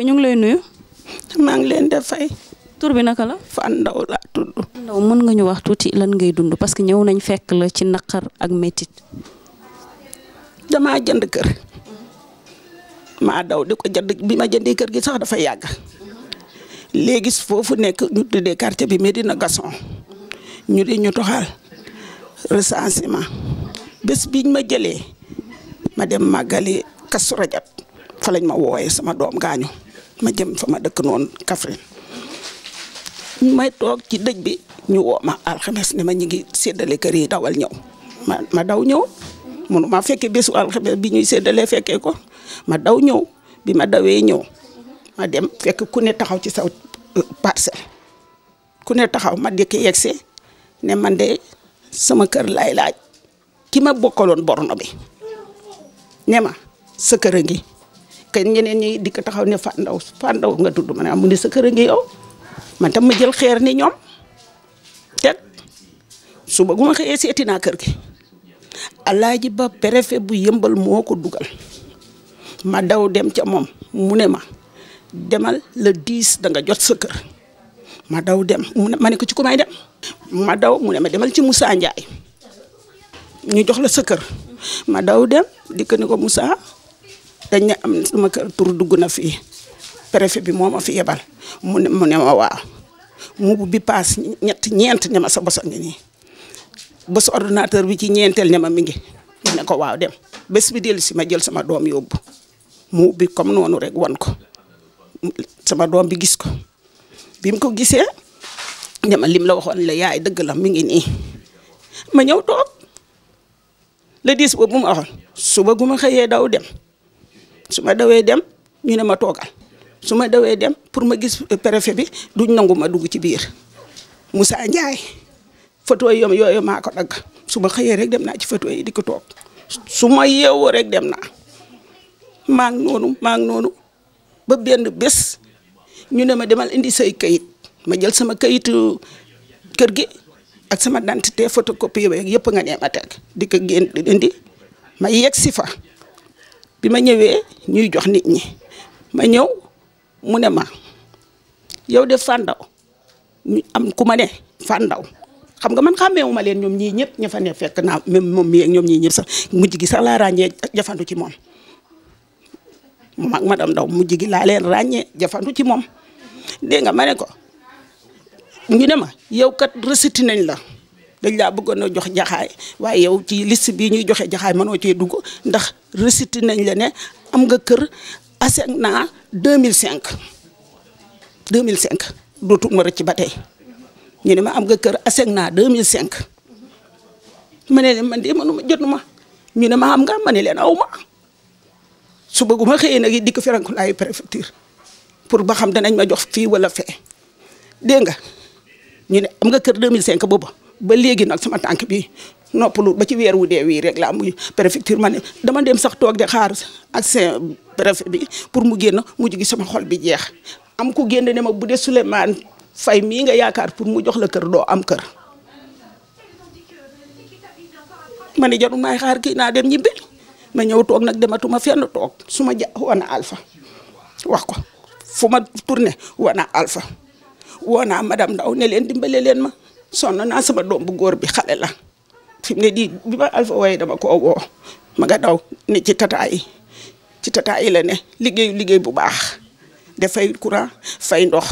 Boy ñu ngi lay nuyu maa ngi leen di fay tur bi naka la fan ndaw laa tudd ndaw mën nga ñu wax tuuti lan ngay dund parce que ñëw nañ fekk la ci naqar ak métit dama jënd kër maa daw di ko jënd bi ma jëndee kër gi sax dafa yàgg léegi foofu nekk ñu tuddee quartier bi Médina Gasson ñu di ñu toxal recensement bés biñ ma jëlee ma dem màggali Kazu Rajab fa lañ ma wooyee sama doom gaañu ma jëm fa ma dëkk noonu Kaffrine may toog ci dëj bi ñu woo ma alxames ne ma ñu ngi séddale kër yi dawal ñëw ma daw ñëw munu ma fekkee bésu alxames bi ñuy séddalee fekkee ko ma daw ñëw bi ma dawee ñëw ma dem fekk ku ne taxaw ci saw euh, parcelle ku ne taxaw ma dikk yegsi ne man de sama kër laay laaj ki ma bokkaloon borno bi ne ma sa kër a ngi kay ñeneen ñi dik taxaw ne fa ndaw fa ndaw nga tuddu man amu mu ne sa kër nga yow man tam ma jël xeer ni ñom teg suba ba guma xëyee seeti kër gi alaaji ba préfet bu yëmbal moko dugal ma daw dem ci mom mu ne ma demal le 10 da nga jot sa kër ma daw dem ma ne ko ci kumay dem ma daw mu ne ma demal ci Moussa Ndiaye ñu jox la sa kër ma daw dem dik ni ko Moussa dañ ne am sama kër tour dugg na préfet bi moma ma fi yebal mu ne mu ne ma waaw mu bi paas ñet ñent ne sa boso ngi nii bés ordinateur bi ci ñentel ne mi ngi ne ko waaw dem bes bi del si ma jël sama dom yobbu mu bi comme nonu rek won ko sama dom bi gis ko bim ko gisee ne lim la waxon la yaay deug la mi ngi ni ma ñew tok le dis bu ma waxon suba gu ma daw dem suma ma dem ñu ne ma togal suma dem pour ma gis eh, préfet bi duñ nanguma ma dugg ci biir Moussa Ndiaye photo yom yooyu maa ko dagg su ma rek dem na ci photo yi di tok suma su rek dem na mang nonu mang nonu ba benn bes ñu ne ma demal indi sey kayit ma jël sama kayit kër gi ak sama dante photocopie nga ma tek di gën indi ma yegg bi ma ñëwee ñuy jox nit ñi ma ñëw mu ne ma yow de fàndaw ñu am ku ma ne fàndaw xam nga man xàmmeewu ma leen ñoom ñii ñëpp ña fa fekk naa même moom mii ñoom ñii ñëpp sax mujj gi sax laa ràññee jafandu ci moom moom ak madame Ndaw mujj gi laa leen ràññee jafandu ci moom dégg nga ma ne ko ñu ne ma yow kat resiti nañ la dañ laa bëggoon a jox jaxaay waaye yow ci list bii ñuy joxe jaxaay manoo cee dugg ndax recité nañ la ne am nga kër aseg naa mille cinq 2005 dootul ma rëcc ba tey ñu ne ma am nga kër aseg naa 2005 ma ne leen man de mënuma jotu ma ñu ne ma am nga ma ne aw ma su bëgguma xëyee nag di ko ferankulaayu préfecture pour ba xam danañ ma jox fii wala fee dégg nga ñu ne am nga kër mille 2005 boobu. ba legui nak sama tank bi noppalu ba ci weer wu dee wi rek la muy préfecture ma dama dem sax tok di xaar ak seen préfet bi pour mu génn mu jigi sama xol bi jeex am ku génn ne ma budé Souleymane Faye nga yaakar pour mu jox la kër do am kër ma ne may xaar ki na dem ñibbi ma ñëw nak nak dematuma fenn tok suma ja wana Alpha wax ko fuma tourner wana Alpha wana madame Ndaw ne len dimbalé len ma sonna na sama dom bu gor bi xale la fi ne di bi ba alfa way dama ko wo ma ga daw ni ci tata yi ci tata yi la ne liggey liggey bu bax da fay courant fay ndox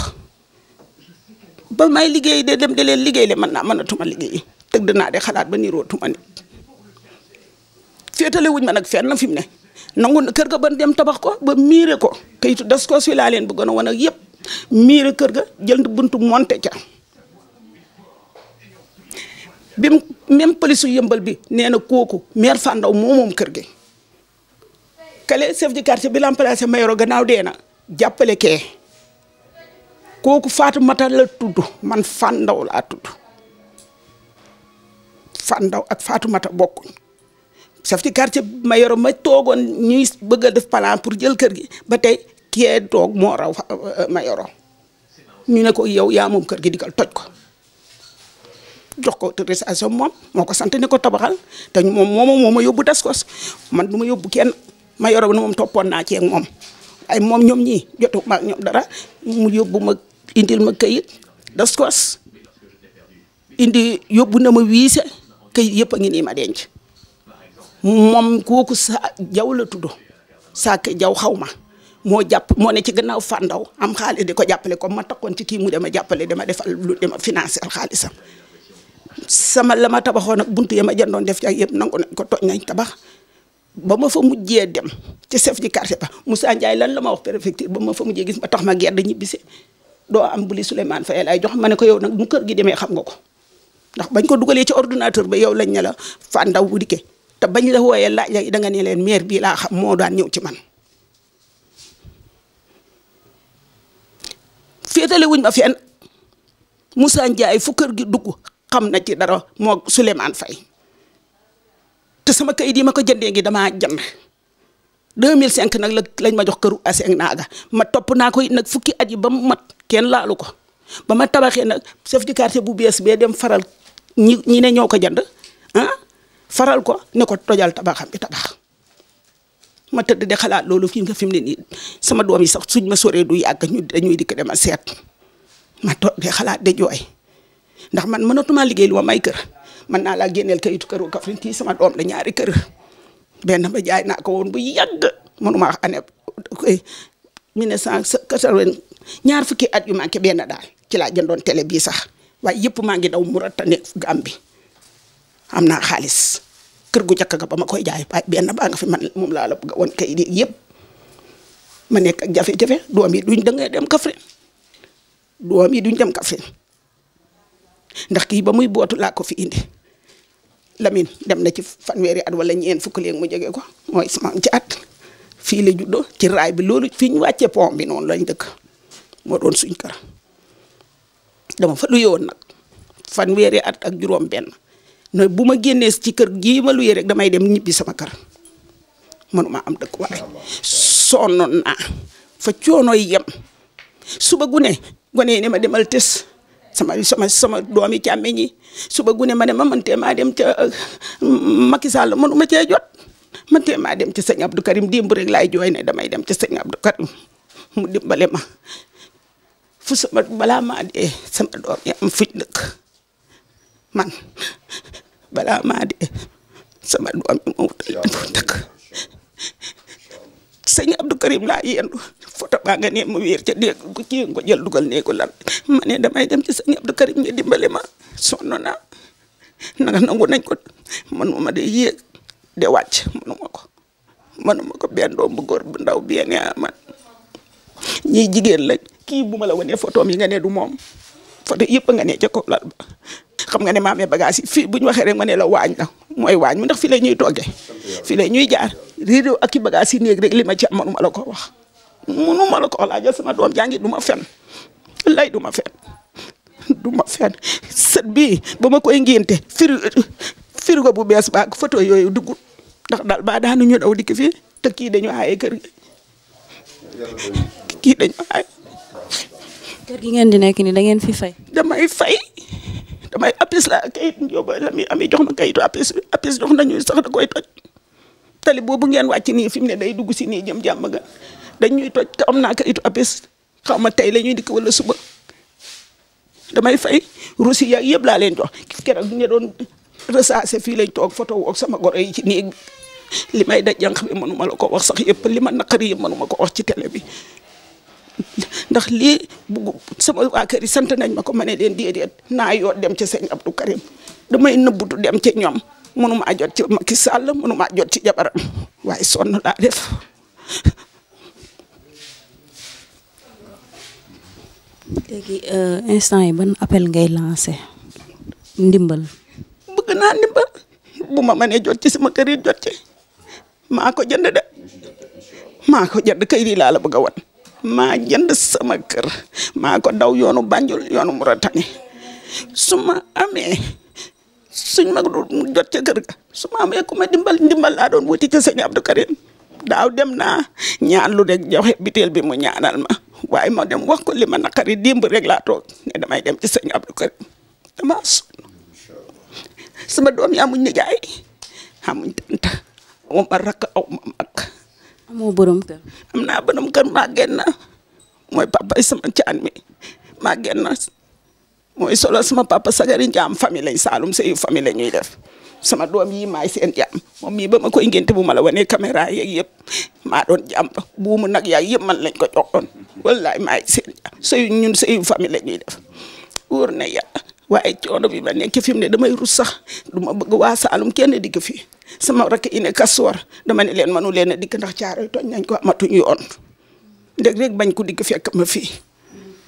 ba may liggey de dem de len liggey le man na manatuma liggey teug dana de xalat ba ni nirootuma ni fetale wuñ ma nak fenn fi ne nangu na kër ga ban dem tabax ko ba miré ko kayitu das ko si laa leen bëggoon a wan ak yëpp miire kër ga jël buntu monte ca bi mu même police yëmbal bi nee na kooku maire Fandaw moo moom kër gi kale chef de quartier bi remplacé Mayoro gannaaw dee na jàppale kee kooku mata la tudd man la laa tudd Fandaw ak Fatoumata bokkuñ chef de quartier Mayoro ma toogoon ñuy bëgg a def plan pour jël kër gi ba tey kee toog moo raw euh, Mayoro ñu ne ko yow yaa moom kër gi digal toj ko jox ko autorisation moom moo ko sant ne ko tabaxal te moom moom moo ma yóbbu Descos man du ma yóbbu kenn ma yoroon moom toppoon naa ceeg moom ay moom ñoom ñii jotu ma ñoom dara mu yóbbu mag indil ma këyit Descos indi yóbbu na ma wiise kayit yëpp a ngi ma denc moom kooku saa jaw la tudd saak jaw xaw ma moo jàpp moo ne ci gannaaw fandaw am xaalis di ko jàppale comme ma takkoon ci kii mu dama jàppale dama defal lu dama financer xaalisam sama lama ma tabaxoon ak buntu ya ma jëndoon def ci ak yëpp nangu nañ ko toj nañ tabax ba ma fa mujjee dem ci chef ji quartier ba Moussa njaay lan la ma wax préfecture ba ma fa mujjee gis ma tax ma da ñibbise doo am buli Souleymane Faye lay jox ma ne ko yow nag mu kër gi demee xam nga ko ndax bañ ko dugalee ci ordinateur ba yow lañ ne la fa ndaw bu dikkee te bañ la wooyee laaj la danga ne leen maire bii laa xam moo daan ñëw ci man. féetale wuñ ma fenn Moussa Ndiaye fu gi dugg xam na ci dara moo Souleymane Faye te sama kayit yi ma ko jëndee ngi damaa jënd 2005 nag la lañ ma jox këru ase ak naaga ma topp naa ko it nag fukki at yi ba mu mat kenn laalu ko ba ma tabaxee nag chef du quartier bu bees bee dem faral ñi ñi ne ñoo ko jand ah faral ko ne ko tojal tabaxam bi tabax ma tëdd de xalaat loolu fii nga fi mu ne nii sama doom yi sax suñ ma soree du yàgg ñu dañuy dikk seet ma toog de xalaat de jooy. ndax man mënatuma liggéey lu ma may kër mën naa laa génneel kayitu këru Kaffrine kii sama doom la ñaari kër benn ba jaay naa ko woon bu yàgg mënuma wax année mille neuf cent quatre-vingt ñaar fukki at yu manqué benn daal ci laa jëndoon télé bii sax waaye yëpp maa ngi daw Mauritanie Gambie am naa xaalis kër gu njëkk ga ba ma koy jaay waaye benn baa nga fi man moom laa la bëgg woon kay di yëpp ma nekk ak jafe-jafe doom yi duñ da ngay dem Kaffrine doom yi duñ dem Kaffrine ndax kii ba muy bootu laa ko fi indi lamin dem na ci fanweeri at walla ñeen fukk léegi mu jege ko mooy sama ci at fii la juddoo ci raay bi loolu fi ñu wàccee pont bi noonu lañ dëkk moo doon suñ kër dama fa luye woon nag fanweeri at ak juróom benn ne bu ma génnee ci kër gii ma luyee rek damay dem ñibbi sama kër mënuma am dëkkuwaay sonnoon naa fa coono yem suba gu gone ne ma demal tës sama sama sama doomi càmmeñ yi suba gune ma ne ma man tee maa dem ca euh, Macky Sall mënu ma cee jot man tee maa dem ci sëñ Abdou Karim démb rek laay jooy ne damay dem ci sëñ Abdou Karim mu dimbale ma fu sama balaa maa dee sama doom yi am fuñ dëkk man balaa maa dee sama doom yi ma wutal dëkk sëñ Abdou Karim laa yendu foto baa nga ne mu wéer ca dégg ko kii nga ko jël dugal néegu ma ne damay dem ci sëñ Abdou Karim ñu dimbali ma sonn naa naka nangu nañ ko manuma de yéeg de wàcc manuma ko manuma ko benn bu góor bu ndaw bien ah man ñii jigéen lañ kii bu ma la wanee photo yi nga ne du moom photo yëpp nga ne ca kaw xam nga ne maamee bagage fii bu ñu waxee rek ma ne la waañ la mooy waañ mu ndax fii la ñuy toggee fii ñuy jaar réeréew ak i bagages yi néeg rek li ma ci am ma la ko wax mënu ma la ko laajal sama doom jàngi du ma fen lay du ma fen du ma fen sët bii ba ma koy ngénte fir firgo bu bees baag photo yooyu dugg ndax daal ba daanu ñu daw dikk fii te kii dañu aaye kër gi kii dañu aaye. kër gi ngeen di nekk nii da ngeen fi fay. da fay damay apis la kayit Ndiobo la mi ami jox ma kayitu apis apis jox nañu sax da koy toj. tali boobu ngeen wàcc nii fi mu ne day dugg si nii jam jàmm ga ñuy toj te am naa kayitu APS xaw ma tey la ñuy dikk wala suba damay fay russie yaag yëpp laa leen jox keroog ñu doon recensé fii lañ toog photo woog sama goro yi ci néeg bi li may daj jànq bi mënuma la ko wax sax yëpp li ma naqari yëpp ma ko wax ci télé bi ndax lii bugg sama waa kër yi sant nañ ma ko ma ne di déedéet naa yoo dem ca sëñ Abdou Karim damay nëbbutu dem ca ñoom munuma jot ci Macky Sall munuma jot ci jabar way son la def euh instant yi ban appel ngay lancer ndimbal bëgg na ndimbal bu ma mënee jot ci sama kër yi jot ci mako jënd de mako janda jënd kër yi la la bëgg won ma jënd sama kër mako daw yoonu Banjul yoonu Mauritanie su ma suñ mag do jot ci kër ga su ma ma dimbal dimbal la doon wuti ci sëñ Abdou Karim daw dem na ñaan lu rek joxe bitel bi mu ñaanal ma waye ma dem wax ko lima nakari dimb rek la tok ne damay dem ci sëñ Abdou Karim dama sama doom ya amuñ nijaay amuñ tanta mo ma aw mak amo borom kër amna borom kër maa génn papa sama caan mi ma genn mooy solo sama papa sagari njaam famille lañ Saalum sëyu famille la ñuy def sama doom yi maay seen jaam moom mii ba ma koy ngénte bu mala la wanee caméra yeeg yëpp maa doon jàmb buumu nag yaag yëpp man lañ ko joxoon wallaay maay seen jaam sëyu ñun sëyu famille la ñuy def wóor na yàlla waaye coono bi ma nekk fi mu ne dama rus sax du ma bëgg waa Saalum kenn dikk fi sama rakk yi ne dama ne leen manu leen a dikk ndax caaroy tooñ nañ ko amatuñu yoon ndeg rek bañ ko dikk fekk ma fii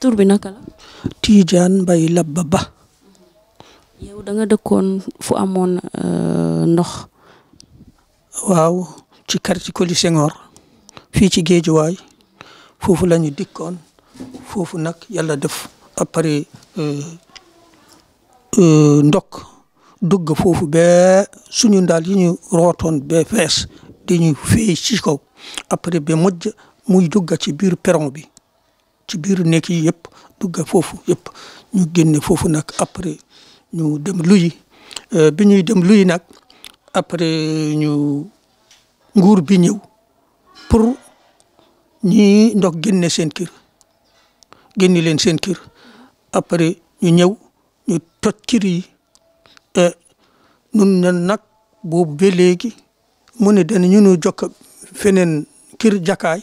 tur bi naka la. Tidiane Mbaye Labba Ba. yow danga nga dëkkoon fu amoon euh, ndox. waaw ci quartier Coly Senghor fii ci Géejuwaay foofu la ñu dikkoon foofu nag yàlla def après euh, euh, ndok dugg foofu ba suñu ndaal yi ñu rootoon ba fees di ñu fay ci kaw après ba mujj muy dugg ci biir perron bi. ci biir nekk yi yëpp dugga foofu yëpp ñu génne foofu nag après ñu dem luyi euh, bi ñuy dem luyi nag après ñu nguur bi ñëw pour ñi ndox génne seen kër génne leen seen kër après ñu ñëw ñu toj kër yi euh, nun na nag boobu be léegi mu ne dañu ñu jokk feneen kër jakaay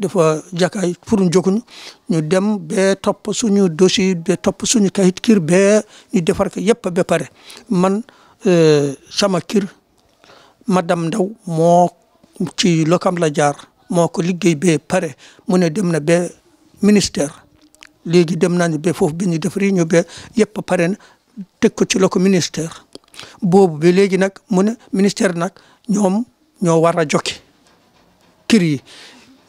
dafa jakaay pour ñu jóguñu ñu dem ba topp suñu dossier ba topp suñu kayit kir bee ñu defar ko yëpp ba pare man euh, sama kir madame Ndaw moo ci lokam la jaar moo ko liggéey ba pare mu ne dem na ba ministère léegi dem nañu ba foofu bi ñu defari ñu ba yëpp pare na teg ko ci loko ministère boobu ba léegi nag mu ne ministère nag ñoom ñoo war a jokki kir yi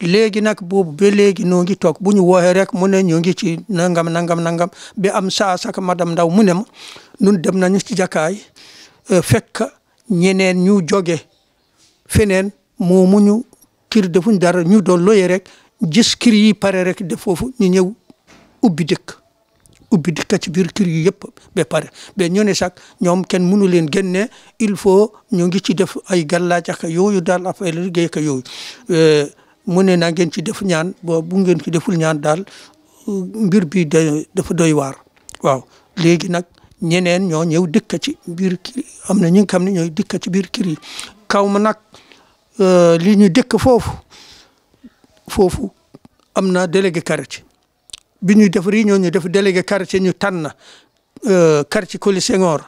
léegi nag boobu ba léegi noo ngi toog bu ñu wooxee rek mu ne ñoo ngi ci nangam nangam nangam be am saa sak madam Ndaw mu ne ma nun dem nañu ci jàkkaay e, fekk ñeneen ñu joge feneen moomuñu kir defuñ dara ñu doon loye rek gis kir yi pare rek def foofu ñu ñëw ubbi dëkk ubbi dëkk ci biir kir yi yëpp ba pare be ñu ne sax ñoom kenn mënu leen génne il faut ñu ngi ci def ay gàllaaj ak yooyu daal affaire liggéey ak yooyu e, mu ne na ngeen ci def ñaan boo bu ngeen ci deful ñaan daal mbir bi dafa doy waar waaw léegi nag ñeneen ñoo ñëw dëkk ci biir kii am na ñi nga xam ne ñooy dëkk ci biir kii kaw ma nag euh, lii ñu dëkk foofu foofu am na délégué quartier bi ñuy def réunion ñu def délégué quartier ñu tànn euh, quartier Coly Senghor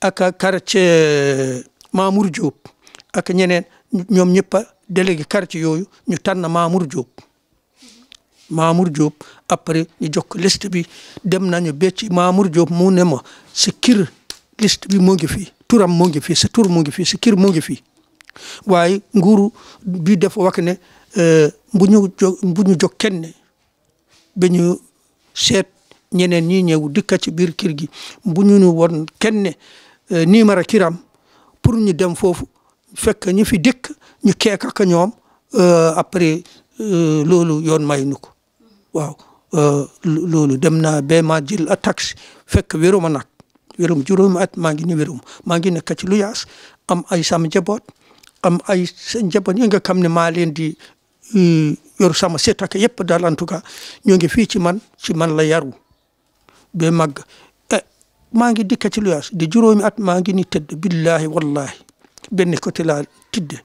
ak quartier Mamour Diop ak ñeneen ñoom ñëpp délégué quartier yooyu ñu tànn Mamour Diop Mamour Diop après ñu jokk liste bi dem nañu ba ci Mamour Diop mu ne ma sa kir liste bi moo ngi fi turam moo ngi fi sa tur moo ngi fi sa kir moo ngi fi waaye nguuru bi dafa wax ne euh, bu ñu jo bu ñu jog kenn ba ñu seet ñeneen ñi ñëw dikka ci biir kir gi bu ñu nu woon kenn euh, niimara kiram pour ñu dem foofu fekk ñu fi dikk ñu keek ak ñoom euh, après euh, loolu yoon may nu ko waaw euh, loolu dem naa ba ma jël a taxi fekk wéruma nag wérum juróomi at maa ngi ni wérum maa ngi nekk ci lu am ay sama njaboot am ay njaboot yi nga xam ne maa leen di yor sama setaka yëpp daal en ñoo ngi fii ci man ci man la yaru ba màgg eh, maa ngi dikk ci lu yaas di juróomi at maa ngi ni tëdd billahi wallahi benn côté laa tidde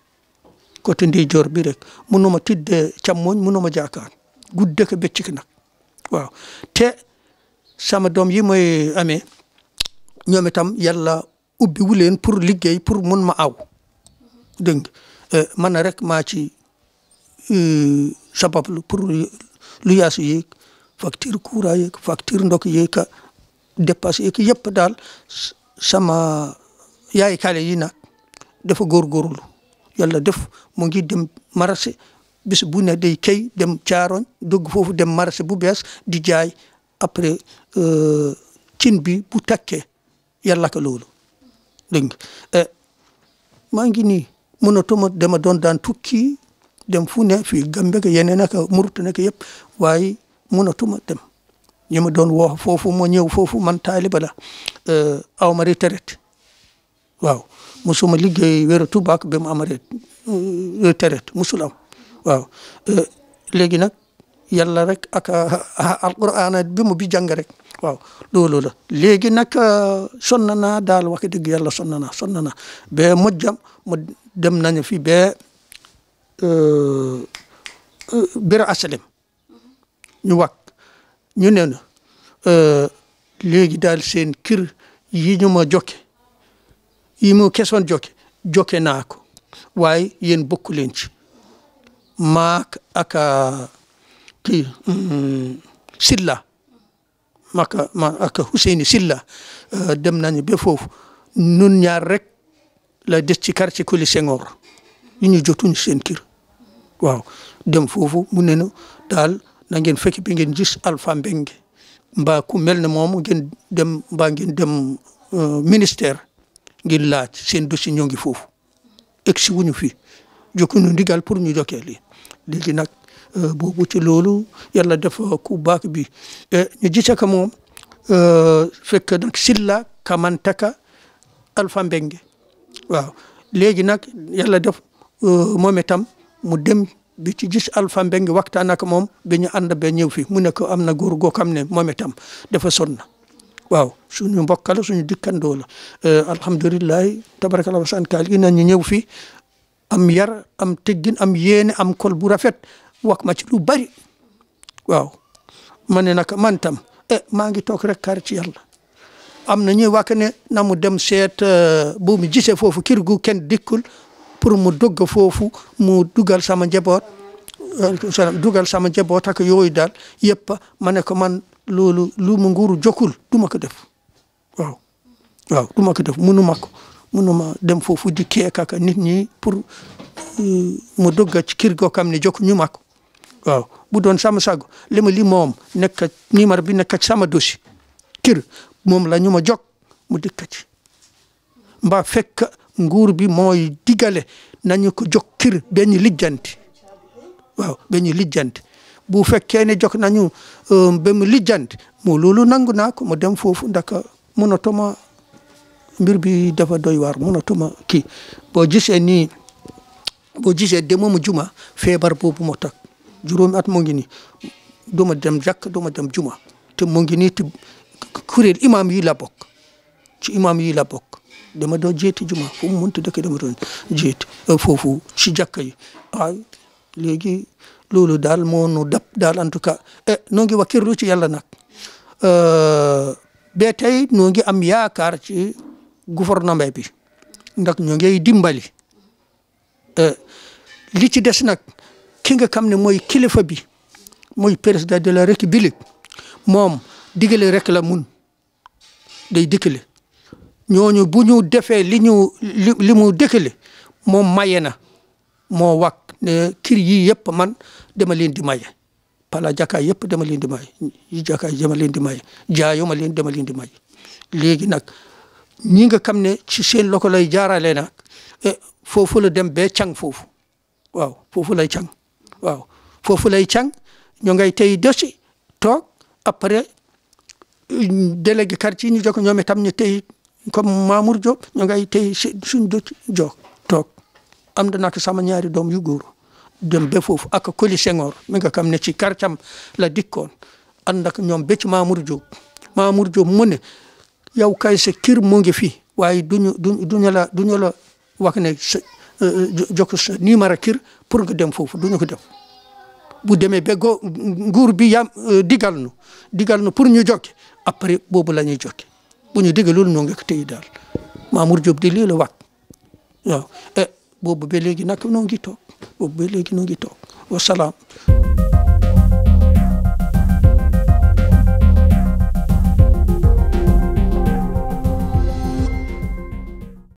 côté ndeyjoor bi rek mënuma tidde càmmooñ mënuma jaakaar guddee ko bëccëg nag waaw te sama doom yi mooy ame ñoom itam yàlla ubbi wu leen pour liggéey pour mun ma aw dégg nga euh, man rek maa ci euh, sabablu pour lu yaasu yeeg facture courant yeeg facture ndox yeeg dépasse yeeg yëpp daal sama yaay kale yii nag dafa góorgóorlu yàlla def mu ngi dem marché bis bu ne day kay dem caaroñ dugg foofu dem marché bu bees di jaay après euh, cin bi bu takke yàlla ka loolu dégg nga eh, maa ngi nii mënatuma dama doon daan tukki dem fu ne fii Gambie ka yeneen ak Mauritanie ka yëpp waaye mënatuma dem ñi doon woo foofu moo ñëw foofu man taaliba euh, aw ma retraite waaw musuma liggéey weeru tubaak ba mu am euh, retraite musul am waaw euh, léegi nag yàlla rek ak ah, alquran bi mu bi jàng rek waaw loolu la léegi nag euh, sonna naa daal wax dëgg yàlla sonna naa sonna naa ba mujjam mu dem nañu fi ba bir asalim ñu wax ñu ne léegi daal seen kër yi ñu ma jokke yimo keson joke joke naa ko waaye yéen bokku ci maak aka ah, mm, silla maka aka Hussein silla euh, dem nañu ba foofu nun ñaar rek la des ci quartier Koli Senghor ñu ñu jotuñu seen kër waaw dem foofu mu ne daal na ngeen fekk bi ngeen gis Alpha Mbengue mbaa mel ne moom ngeen dem mbaa euh, ngir laaj seen dossier ñoo ngi foofu egg si wuñu fi ndigal pour ñu jokkee lii léegi nag euh, boobu ci loolu yàlla def euh, ku baax bi ñu gis moom euh, fekk nag Silla Kamantaka Alpha Mbengue waaw léegi nag yàlla def moom itam mu dem bi ci gis Alpha Mbengue waxtaan ak moom ba ñu ànd ba ñëw fi mu ne ko am na góor goo xam ne moom itam dafa sonn waaw suñu mbokk la suñu dikkandoo la eh, alhamdulilahi tabarakallah wasan kaal gi nañu ñëw fi am yar am teggin am yene am kol bu rafet wax ma ci lu bari waaw man tam eh maa ngi toog rek kaar ci am na ñuy wax ne na mu dem set eh, bu mi gisee foofu kër gu ken dikul, pour mu dugg foofu mu dugal sama njaboot eh, dugal sama jabot ak yooyu daal yëpp ma ko man loolu lu mu nguuru jokkul du ma ko def waaw waaw du ko def mënu ma ko mënu ma dem foofu di kii nit ñi pour euh, mu dugg ci kër goo xam ne jokku ñu ma waaw bu doon sama sago li ma li moom nekk numéro bi nekk sama dosi kër moom la ñu ma jokk mu dikk ci mbaa fekk nguur bi mooy digale nañu ko jokk kër benn lijjanti waaw benn lijjanti bu fekkee ne jog nañu euh, ba mu lijjanti loolu nangu naa ko ma dem foofu ndaka munatuma mbir bi dafa doy waar munatuma ki boo jisee nii boo gisee demomu juma feebar boobu moo tax juróomi at moo ngi nii duma dem jàkk duma dem juma te moo ngi nii te kuréel yi la bokk ci imam yi la bokk dama doon jeeti juma fu mu munti dëkk dama doon jeeti euh, foofu ci jàkka yi ay léegi loolu daal moo nu dab daal en tout cas eh noo ngi wakkirlu ci yàlla nag euh, ba tey noo ngi am yaakaar ci gouvernement bi ndax ñoo ngi dimbali e, li ci des nag ki nga xam ne mooy kilifa bi mooy président de la république moom digale rek la mun day dikkale ñooñu bu ñu defee li ñu li mu dikkale moom maye na moo wàkk ne kir yi yëpp man dama leen di maye pala jàkkaay yëpp dama leen di maye yi jàkkaay dama leen di maye jaayo leen dama leen di maye léegi nag ñi nga xam ne ci seen loko lay jaarale nag eh, foofu la dem bee càng foofu waaw foofu lay càng waaw foofu lay càng ñoo ngay tey dosi toog après délégué quartier ñu jokk ñoom itam ñu tey comme Mamour Diop ñu ngay tey suñ dosi jook am na sama ñaari doom yu góor dem ba foofu ak Coly Senghor mi nga xam ne ci karcam la dikkoon ànd ak ñoom ba ci Mamour Diop Mamour Diop mu ne yow kay sa kër mu ngi fi waaye duñu duñu duñu la duñu la wax ne sa euh, jox numéro kër pour dem foofu duñu ko def bu demee ba go nguur bi yam euh, digal nu digal nu pour ñu jokke après boobu la ñuy jokke bu ñu digalul ñoo ngi ko téye daal Mamour Diop di lii la wax waaw boobu ba léegi nag noo ngi toog boobu ba léegi noo ngi toog wasalaam